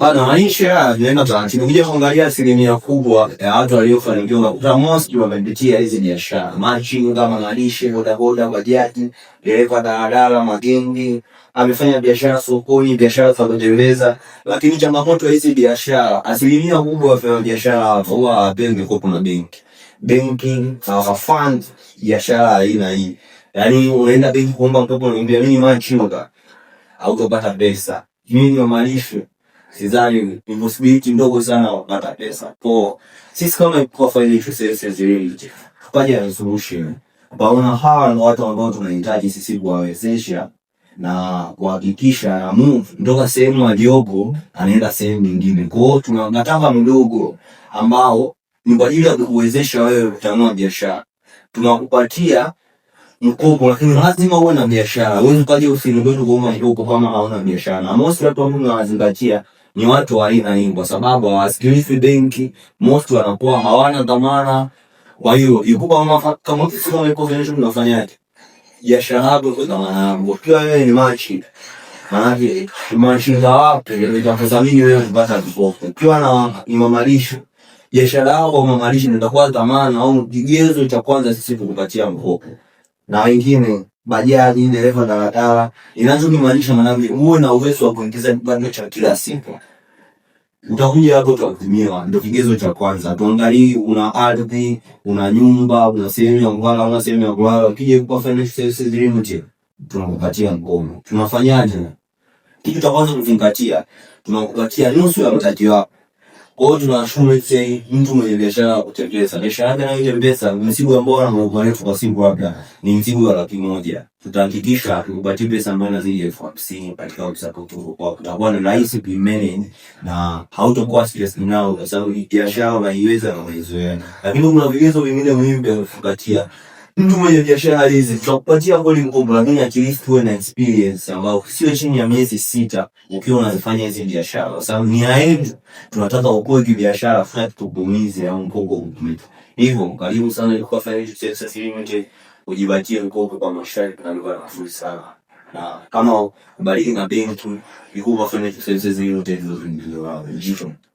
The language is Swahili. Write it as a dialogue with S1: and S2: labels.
S1: Bana, maisha yanaenda taratibu. Ukija kuangalia asilimia kubwa ya watu waliofanikiwa utaamua sijui wamepitia hizi biashara, machinga, malishe, bodaboda, bajaji, dereva daladala, magengi, amefanya biashara sokoni, biashara za kuteleza. Lakini changamoto hizi biashara, asilimia kubwa ya wafanyabiashara hapo huwa hawapendi mikopo na benki. Benki hawafund biashara aina hii, yaani unaenda benki kuomba mkopo, unaambia mimi machinga, hautopata pesa nyinyi wa malisho sidhani, ni possibility ndogo sana wapata pesa. po sisi kama kwa financial services related, tupaje na solution paona, hawa ndio watu ambao tunahitaji sisi kuwawezesha na kuhakikisha move ndoka sehemu aliopo anaenda sehemu nyingine. kwao hiyo mdogo ambao ni kwa ajili ya kuwezesha wewe kutanua biashara, tunakupatia mkopo, lakini lazima uwe na biashara. Huwezi ukaja usilibwetu kuomba mkopo kama hauna biashara, na most watu ambao nawazingatia ni watu wa aina hii, kwa sababu hawasikilizi benki, most wanakuwa hawana dhamana. Kwa hiyo ikupa kama kama iko financial unafanyaje biashara yako kwa dhamana yangu, kila wewe ni machi manake machi za wapi itakuthamini wewe unapata mkopo, ukiwa na imamarisho biashara yako imamarisho, ndio kwa dhamana au kigezo cha kwanza sisi kukupatia mkopo na wengine bajaji, dereva daladala. Inachokimaanisha mwanangu, uwe na uwezo wa kuingiza kipato cha kila siku. Utakuja hapo utahudumiwa, ndo kigezo cha kwanza. Tuangalie una ardhi, una nyumba, una sehemu ya kulala, una sehemu ya kulala. Ukija kwa financial services limited, tunakupatia ngono. Tunafanyaje? Kitu cha kwanza kuzingatia, tunakupatia nusu ya mtaji wako. Kwa hiyo tunashukuru sasa mtu mwenye biashara kutembeza. Biashara yake na ile kutembeza mzigo ambao ana mauzo yetu kwa simu hapa ni msibu wa laki moja. Tutahakikisha tukubati pesa ambayo inazidi elfu hamsini katika website yetu. Kwa kutakuwa na rahisi ku manage na hautakuwa stress nao kwa sababu biashara unaiweza na unaizoea. Lakini kuna vigezo vingine muhimu vya kufuatia. Mtu mwenye biashara hizi tutakupatia kweli mkubwa, lakini at least uwe na experience ambayo sio chini ya miezi sita ukiwa unazifanya hizi biashara, kwa sababu nia yetu tunataka ukue kibiashara, fanya tukumize au mkopo utumike. Hivyo karibu sana ilikuwa Financial Services Limited, ujibatie mkopo kwa masharti na lugha nafuu sana, na kama ubariki na benki ikubwa Financial Services Limited ndio ndio